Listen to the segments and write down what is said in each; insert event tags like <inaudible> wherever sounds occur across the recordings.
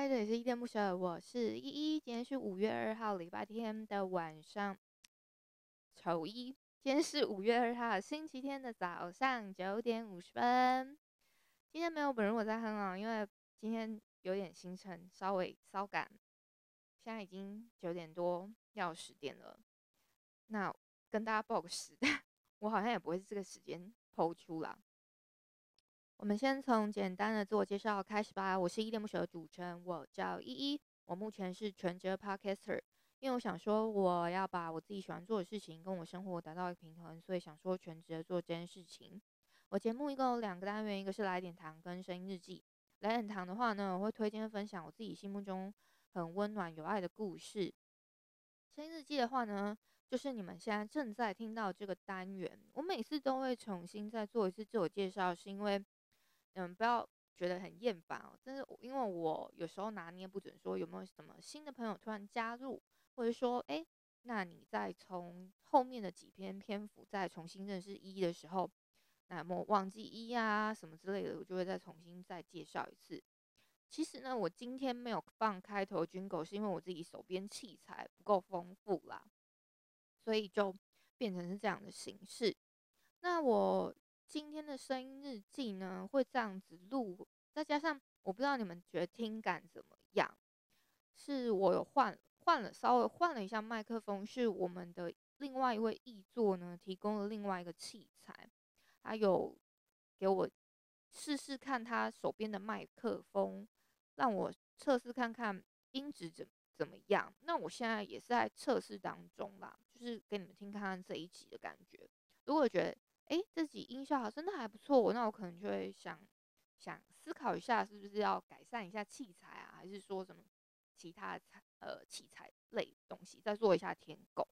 嗨，這裡是依依戀不捨，我是依依。今天是五月二號禮拜天的晚上丑一，今天是五月二號星期天的早上九點五十分。今天沒有本日我在哼，因為今天有點行程，稍微稍趕。現在已經九點多，要十點了。那跟大家報個時，我好像也不會是這個時間拋出啦。我們先從簡單的自我介紹開始吧。我是依戀不捨的主持人，我叫依依。我目前是全職的 podcaster，因為我想說我要把我自己喜歡做的事情跟我生活達到一個平衡，所以想說全職的做這件事情。我節目一共有兩個單元，一個是來點糖跟聲音日記。來點糖的話呢，我會推薦分享我自己心目中很溫暖有愛的故事。聲音日記的話呢，就是你們現在正在聽到這個單元，我每次都會重新再做一次自我介紹，是因為。嗯，不要覺得很厭煩哦。但是，因為我有時候拿捏不準，說有沒有什麼新的朋友突然加入，或者說，哎、欸，那你再從後面的幾篇篇幅再重新認識一的時候，那麼忘記一呀、啊、什麼之類的，我就會再重新再介紹一次。其實呢，我今天沒有放開頭 jingle，是因為我自己手邊器材不夠豐富啦，所以就變成是這樣的形式。那我。今天的聲音日記呢，會這樣子錄，再加上我不知道你們覺得聽感怎麼樣，是我有換換了，稍微換了一下麥克風，是我們的另外一位議座呢提供了另外一個器材，他有給我試試看他手邊的麥克風，讓我測試看看音質怎怎麼樣。那我現在也是在測試當中啦，就是給你們聽看看這一集的感覺，如果覺得。誒、欸，自己音效好真的還不錯，我那我可能就會想想思考一下，是不是要改善一下器材啊，還是說什麼其他材呃器材類的東西再做一下添購。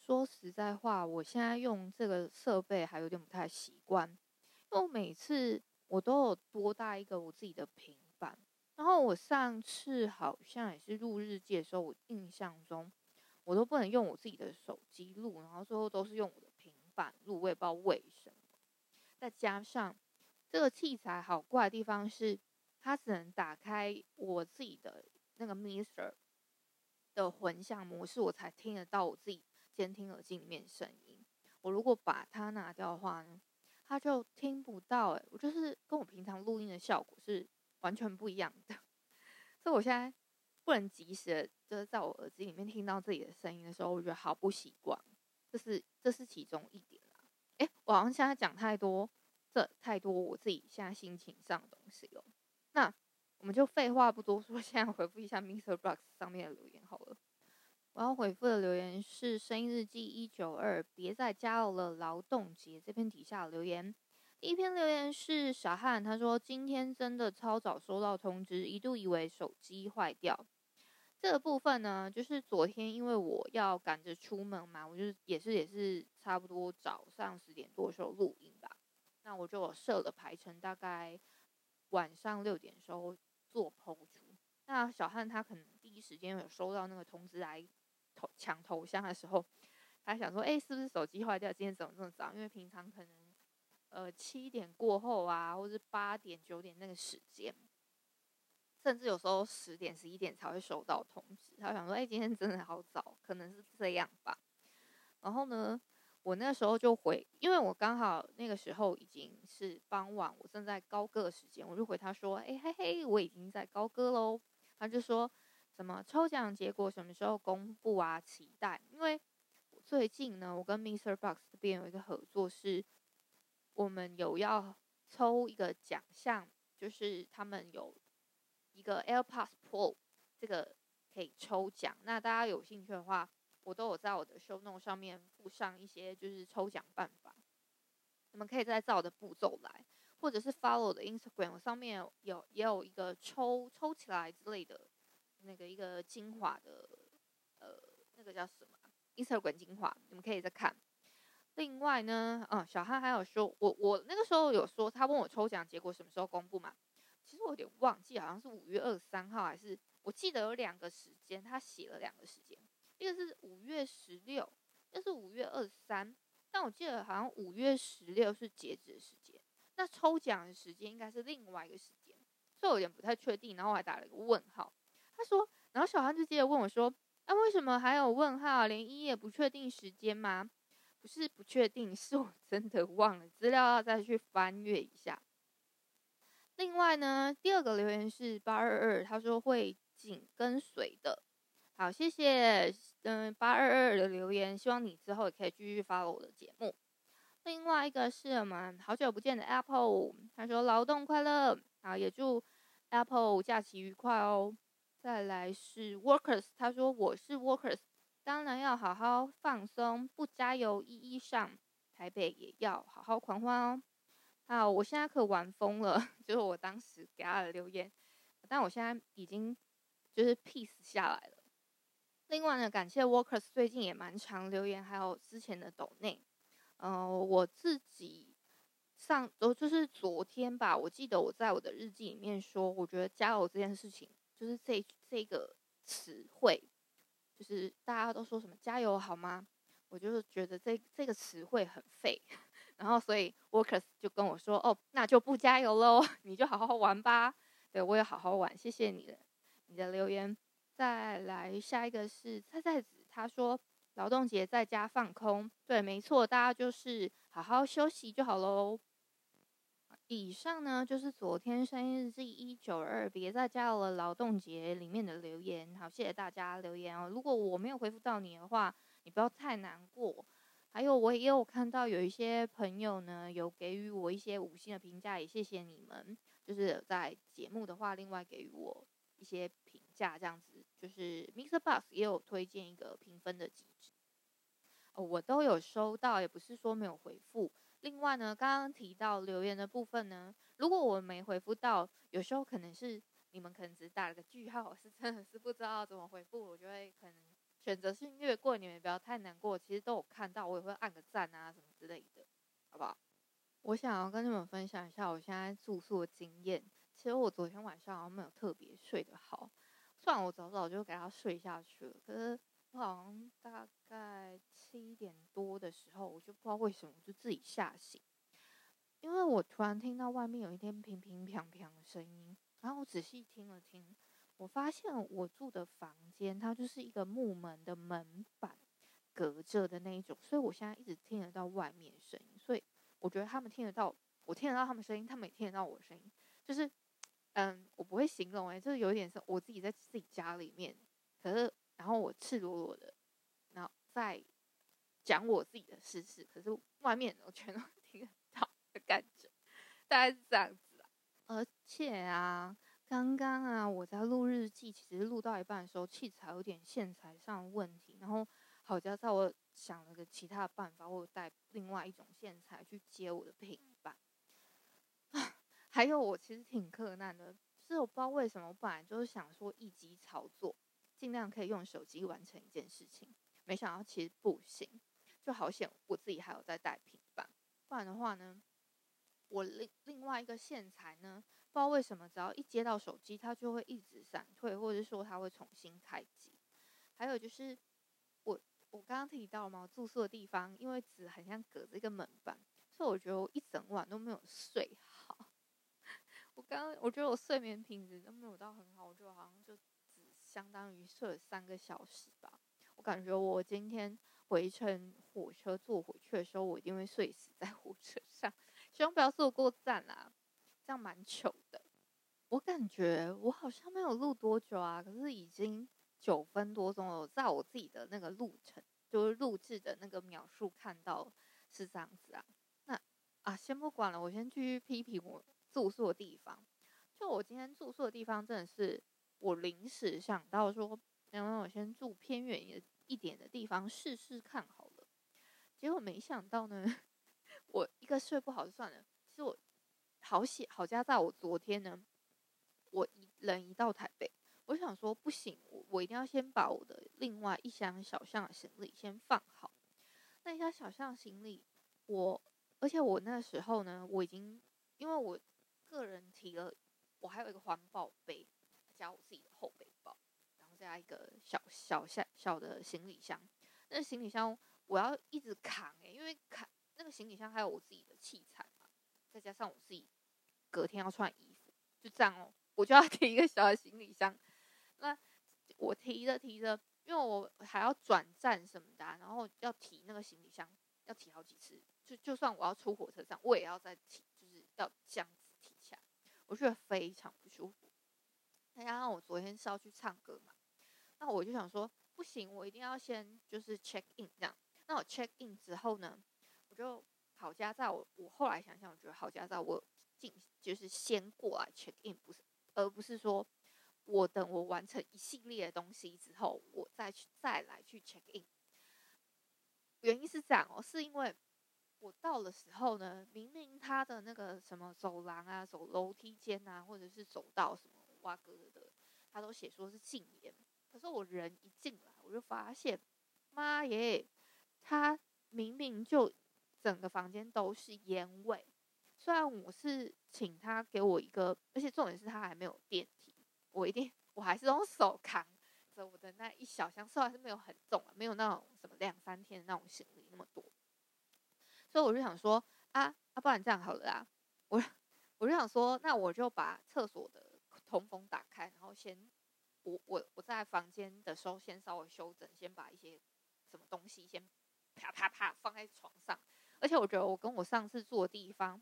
說實在話，我現在用這個設備還有點不太習慣，因為我每次我都有多帶一個我自己的平板，然後我上次好像也是錄日記的時候，我印象中我都不能用我自己的手機錄，然後最後都是用。反錄，我也不知道為什麼。再加上這個器材好怪的地方是，它只能打開我自己的那個 Mister 的混響模式，我才聽得到我自己監聽耳機裡面聲音。我如果把它拿掉的話呢，它就聽不到。哎，我就是跟我平常錄音的效果是完全不一樣的。所以我現在不能及時的就是在我耳機裡面聽到自己的聲音的時候，我覺得好不習慣。這是這是其中一點啦、啊。誒，我好像現在講太多，這太多我自己現在心情上的東西了。那我們就廢話不多說，現在回復一下 MixerBox 上面的留言好了。我要回復的留言是“聲音日記一九二”，別再加入了勞動節這篇底下的留言。第一篇留言是小漢，他說今天真的超早收到通知，一度以為手機壞掉。這個部分呢，就是昨天因為我要趕着出門嘛，我就是也是也是差不多早上十點多的時候錄音吧，那我就設了排程，大概晚上六點的時候做播出。那小漢他可能第一時間有收到那個通知來搶頭香的時候，他想說，哎，是不是手機壞掉？今天怎麼這麼早？因為平常可能呃七點過後啊，或是八點九點那個時間。甚至有時候十點、十一點才會收到通知。他會想說：“哎、欸，今天真的好早，可能是這樣吧。”然後呢，我那個時候就回，因為我剛好那個時候已經是傍晚，我正在高歌的時間，我就回他說：“哎、欸，嘿嘿，我已經在高歌嘍。”他就說：“什麼抽獎結果什麼時候公布啊？期待。”因為最近呢，我跟 MixerBox 這邊有一個合作是，是我們有要抽一個獎項，就是他們有。一個 AirPods Pro 這個可以抽獎，那大家有興趣的話，我都有在我的 ShowNote 上面附上一些就是抽獎辦法，你們可以再照我的步驟來，或者是 follow 我的 Instagram 我上面有也有一個抽抽起來之類的那個一個精華的呃那個叫什麼 Instagram 精華，你們可以再看。另外呢，嗯，小漢還有說，我我那個時候有說他問我抽獎結果什麼時候公布嘛？其實我有點忘記，好像是五月二十三號，還是我記得有兩個時間，他寫了兩個時間，一個是五月十六，一個是五月二十三。但我記得好像五月十六是截止的時間，那抽獎的時間應該是另外一個時間，這我有點不太確定，然後我還打了一個問號。他說，然後小安就接着問我說，那、啊、為什麼還有問號？連依依也不確定時間嗎？不是不確定，是我真的忘了資料，要再去翻閱一下。另外呢，第二個留言是八二二，他說會緊跟隨的，好，謝謝，嗯，八二二的留言，希望你之後也可以繼續 follow 我的節目。另外一個是我們好久不見的 Apple，他說勞動快樂啊，也祝 Apple 假期愉快哦。再來是 Workers，他說我是 Workers，當然要好好放鬆，不加油一一上台北也要好好狂歡哦。啊，我現在可玩瘋了，就是我當時給他的留言，但我現在已經就是 peace 下來了。另外呢，感謝 Workers 最近也蠻常留言，還有之前的抖內，呃，我自己上，呃，就是昨天吧，我記得我在我的日記裡面說，我覺得加油這件事情，就是這這個詞彙，就是大家都說什麼加油好嗎？我就是覺得這這個詞彙很廢。然後，所以 Workers 就跟我說：“哦，那就不加油嘍，你就好好玩吧。對”對我也好好玩，謝謝你的，你的留言。再來下一個是菜菜子，他說：“勞動節在家放空。”對，沒錯，大家就是好好休息就好嘍。以上呢就是昨天聲音日記192，別再加了勞動節裡面的留言。好，謝謝大家留言哦。如果我沒有回復到你的話，你不要太難過。還有，我也有看到有一些朋友呢，有給予我一些五星的評價，也謝謝你們。就是在節目的話，另外給予我一些評價，這樣子就是 MixerBox 也有推薦一個評分的機製，哦，我都有收到，也不是說沒有回復。另外呢，剛剛提到留言的部分呢，如果我沒回復到，有時候可能是你們可能只打了個句號，是真的是不知道怎麼回復，我就會可能。選擇性略過，你們不要太難過。其實都有看到，我也會按個讚啊什麼之類的，好不好？我想要跟你們分享一下我現在住宿的經驗。其實我昨天晚上好像沒有特別睡得好，雖然我早早就給他睡下去了，可是我好像大概七點多的時候，我就不知道為什麼我就自己嚇醒，因為我突然聽到外面有一陣乒乒乓乓的聲音，然後我仔細聽了聽。我發現我住的房間，它就是一個木門的門板隔着的那一種，所以我現在一直聽得到外面聲音，所以我覺得他們聽得到，我聽得到他們聲音，他們也聽得到我的聲音，就是，嗯，我不會形容欸，就是有一點是我自己在自己家裡面，可是然後我赤裸裸的，然後在講我自己的事事，可是外面我全都聽得到的感覺，大概是這樣子，而且啊。剛剛啊，我在錄日記，其實錄到一半的時候，器材有點線材上的問題。然後好家伙，我想了個其他的辦法，我帶另外一種線材去接我的平板。啊， <laughs> 還有我其實挺克難的，就是我不知道為什麼，我本來就是想說一機操作，盡量可以用手機完成一件事情，沒想到其實不行，就好險我自己還有在帶平板，不然的話呢，我另另外一個線材呢。不知道為什麼，只要一接到手機，它就會一直閃退，或者說它會重新開機。還有就是，我我剛剛提到嘛，住宿的地方因為只很像隔着一個門板，所以我覺得我一整晚都沒有睡好。我剛剛我覺得我睡眠品質都沒有到很好，我覺得我好像就只相當於睡了三個小時吧。我感覺我今天回程火車坐回去的時候，我一定會睡死在火車上。希望不要坐過站啦。像蠻糗的，我感覺我好像沒有錄多久啊，可是已經九分多鐘了，在我自己的那個路程，就是錄制的那個秒數看到是這樣子啊。那啊，先不管了，我先去批評我住宿的地方。就我今天住宿的地方，真的是我臨時想到說，那我先住偏遠一點的地方試試看好了。結果沒想到呢，我一個睡不好就算了，其實我。好險好加在我昨天呢，我一人一到台北，我想說不行，我我一定要先把我的另外一箱小箱行李先放好。那一箱小箱行李，我而且我那時候呢，我已經因為我個人提了，我還有一個環保杯，加我自己的後背包，然後再加一個小小箱小的行李箱。那個行李箱我要一直扛，欸、因為扛那個行李箱還有我自己的器材嘛，再加上我自己。隔天要穿衣服，就這樣哦、喔，我就要提一個小的行李箱。那我提着提着，因為我還要轉站什麼的、啊，然後要提那個行李箱，要提好幾次。就就算我要出火車站，我也要再提，就是要這樣子提起來，我覺得非常不舒服。再加上我昨天是要去唱歌嘛，那我就想說，不行，我一定要先就是 check in 這樣。那我 check in 之後呢，我就。好家在，我我後來想想，我覺得好家在，我進就是先過來 check in，不是，而不是說我等我完成一系列的東西之後，我再去再來去 check in。原因是這樣哦，是因為我到的時候呢，明明他的那個什麼走廊啊、走樓梯間啊，或者是走道什麼挖哥的，他都寫說是禁煙。可是我人一進來，我就發現，媽耶，他明明就。整個房間都是煙味，雖然我是請他給我一個，而且重點是他還沒有電梯，我一定我還是用手扛着我的那一小箱，雖然還是沒有很重啊，沒有那種什麼兩三天那種行李那麼多，所以我就想說啊，啊不然這樣好了啦，我我就想說，那我就把廁所的通風打開，然後先我我我在房間的時候先稍微休整，先把一些什麼東西先啪啪啪放在床上。而且我覺得我跟我上次住的地方，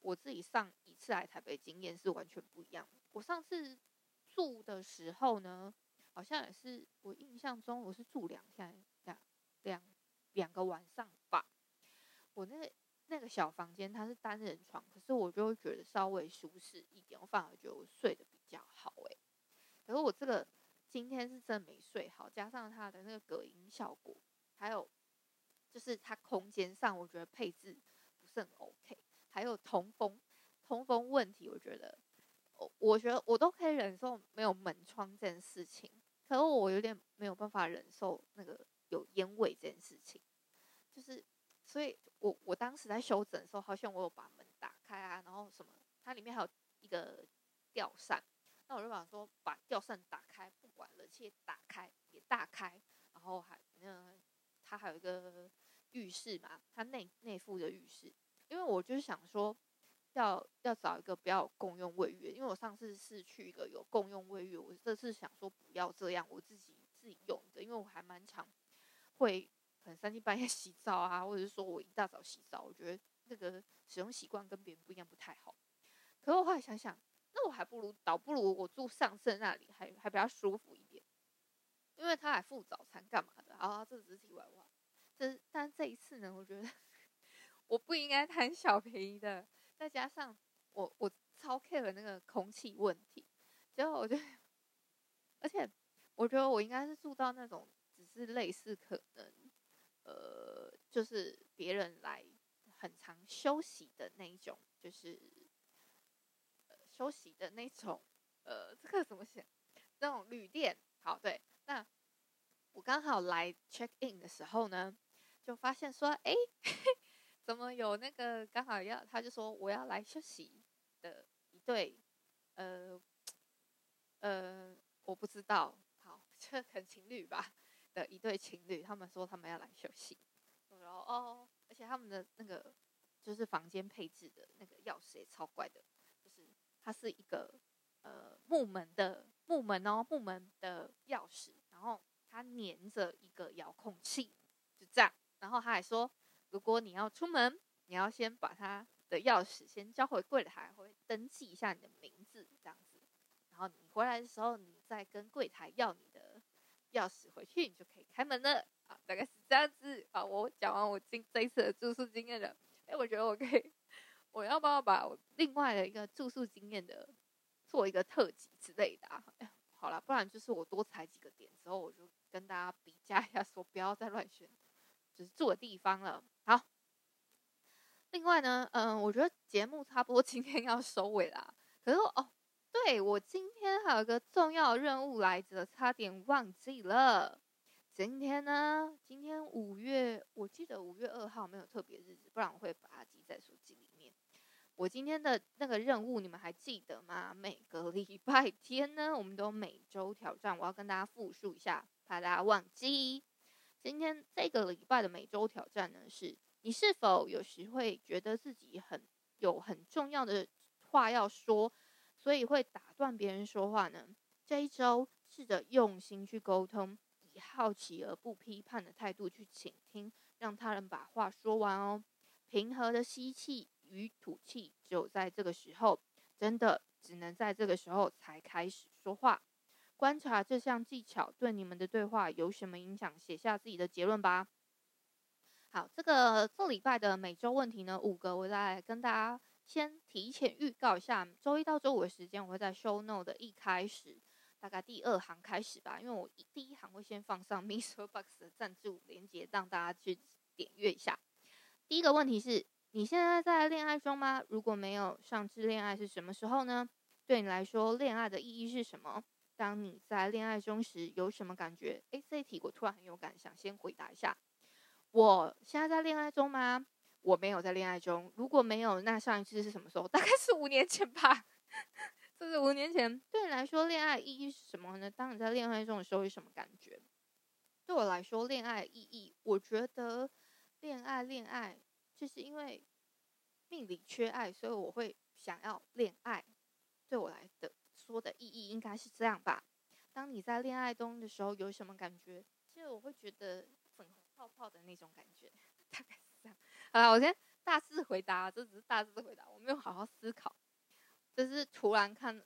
我自己上一次來台北經驗是完全不一樣。我上次住的時候呢，好像也是我印象中我是住兩天兩兩兩個晚上吧。我那那個小房間它是單人床，可是我就會覺得稍微舒適一點，我反而覺得我睡得比較好誒、欸。可是我這個今天是真沒睡好，加上它的那個隔音效果，還有。就是它空間上，我覺得配置不是很 OK，還有通風通風問題，我覺得，我覺得我都可以忍受沒有門窗這件事情，可是我有點沒有辦法忍受那個有煙味這件事情，就是，所以我我當時在修整的時候，好像我有把門打開啊，然後什麼，它裡面還有一個吊扇，那我就想說把吊扇打開，不管冷氣打開也大開，然後還那它還有一個。浴室嘛，它內內附的浴室，因為我就是想說，要要找一個不要共用衛浴，因為我上次是去一個有共用衛浴，我這次想說不要這樣，我自己自己用的，因為我還蠻常會可能三更半夜洗澡啊，或者是說我一大早洗澡，我覺得這個使用習慣跟別人不一樣不太好。可我後來想想，那我還不如倒不如我住上次那裡還還比較舒服一點，因為他還附早餐幹嘛的好啊。這只是題外話。這但這一次呢，我覺得我不應該貪小便宜的。再加上我我超 care 那個空氣問題，結果我就，而且我覺得我應該是住到那種只是類似可能，呃，就是別人來很常休息的那一種，就是、呃、休息的那種，呃，這個怎麼寫？那種旅店。好，對，那我剛好來 check in 的時候呢。就發現說，哎、欸，怎麼有那個剛好要？他就說我要來休息的一對，呃，呃，我不知道，好，這很情侶吧？的一對情侶，他們說他們要來休息。然後哦，而且他們的那個就是房間配置的那個鑰匙也超怪的，就是它是一個呃木門的木門哦，木門的鑰匙，然後它黏着一個遙控器，就這樣。然後他還說，如果你要出門，你要先把他的鑰匙先交回櫃檯，會登記一下你的名字這樣子。然後你回來的時候，你再跟櫃檯要你的鑰匙回去，你就可以開門了啊，大概是這樣子啊。我講完我今這一次的住宿經驗了，哎，我覺得我可以，我要不要把我另外的一個住宿經驗的做一個特輯之類的啊？好啦，不然就是我多踩幾個點之後，我就跟大家比較一下，說不要再亂選。只是住的地方了。好，另外呢，嗯，我覺得節目差不多今天要收尾啦。可是我哦，對，我今天還有個重要的任務來着，差點忘記了。今天呢，今天五月，我記得五月二號沒有特別日子，不然我會把它記在手機裡面。我今天的那個任務，你們還記得嗎？每個禮拜天呢，我們都每周挑戰，我要跟大家複述一下，怕大家忘記。今天這個禮拜的每周挑戰呢，是你是否有時會覺得自己很有很重要的話要說，所以會打斷別人說話呢？這一周試着用心去溝通，以好奇而不批判的態度去傾聽，讓他人把話說完哦。平和的吸氣與吐氣，只有在這個時候，真的只能在這個時候才開始說話。觀察這項技巧對你們的對話有什麼影響？寫下自己的結論吧。好，這個這禮拜的每周問題呢，五個，我再來跟大家先提前預告一下。周一到周五的時間，我會在 show note 的一開始，大概第二行開始吧。因為我第一行會先放上 MixerBox 的贊助連接，讓大家去點閱一下。第一個問題是你現在在戀愛中嗎？如果沒有，上次戀愛是什麼時候呢？對你來說，戀愛的意義是什麼？當你在戀愛中時，有什麼感覺？誒，這題，我突然很有感想，先回答一下。我現在在戀愛中嗎？我沒有在戀愛中。如果沒有，那上一次是什麼時候？大概是五年前吧。 <laughs> 這是五年前。對你來說，戀愛意義是什麼呢？當你在戀愛中的時候有什麼感覺？對我來說，戀愛意義，我覺得戀愛戀愛，就是因為命裡缺愛，所以我會想要戀愛。應該是這樣吧。當你在戀愛中的時候，有什麼感覺？其實我會覺得粉紅泡泡的那種感覺，大概是這樣。好了，我先大致回答，這只是大致回答，我沒有好好思考，就是突然看，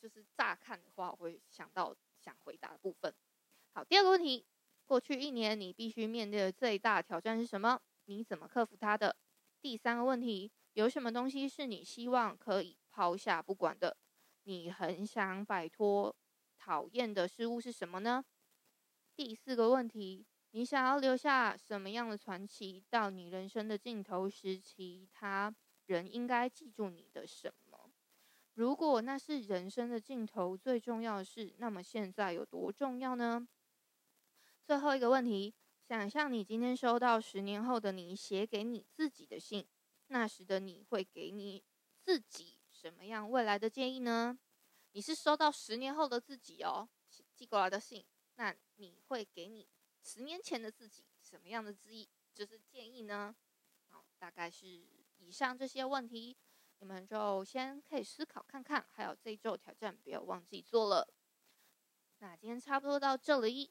就是乍看的話，我會想到想回答的部分。好，第二個問題，過去一年你必須面對的最大的挑戰是什麼？你怎麼克服它的？第三個問題，有什麼東西是你希望可以拋下不管的？你很想擺脫討厭的事物是什麼呢？第四個問題，你想要留下什麼樣的傳奇，到你人生的盡頭時，其他人應該記住你的什麼？如果那是人生的盡頭最重要的事，那麼現在有多重要呢？最後一個問題，想象你今天收到十年後的你寫給你自己的信，那時的你會給你自己什麼樣未來的建議呢？你是收到十年後的自己哦寄過來的信，那你會給你十年前的自己什麼樣的記憶？就是建議呢？好，大概是以上這些問題，你們就先可以思考看看。還有這一周挑戰，不要忘記做了。那今天差不多到這裡，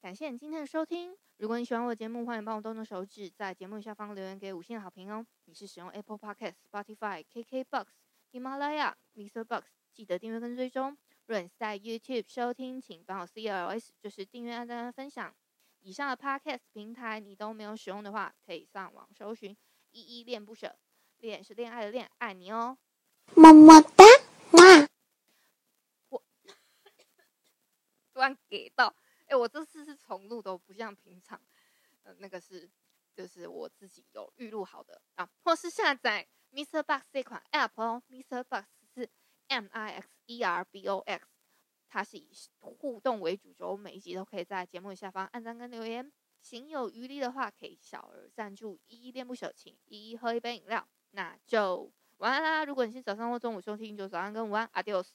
感謝你今天的收聽。如果你喜歡我的節目，歡迎幫我動動手指，在節目下方留言給五星好評哦。你是使用 Apple Podcast、Spotify、KKBox、喜馬拉雅、MixerBox 記得訂閱跟追蹤，若是在 YouTube 收聽，請幫我 CLS，就是訂閱、按贊、分享。以上的 Podcast 平台你都沒有使用的話，可以上網搜尋。依依戀不捨，戀是戀愛的戀，愛你哦，麼麼噠哇。我 <laughs> 突然給到，哎，我這次是重錄，都不像平常。呃，那個是就是我自己有預錄好的啊，或是下載 MixerBox 這款 App 哦，MixerBox。M I X E R B O X，它是以互動為主軸，每一集都可以在節目下方按讚跟留言。行有餘力的話，可以小額贊助，依依戀不捨，請依依喝一杯飲料，那就晚安啦。如果你是早上或中午收聽，就早安跟午安，Adios。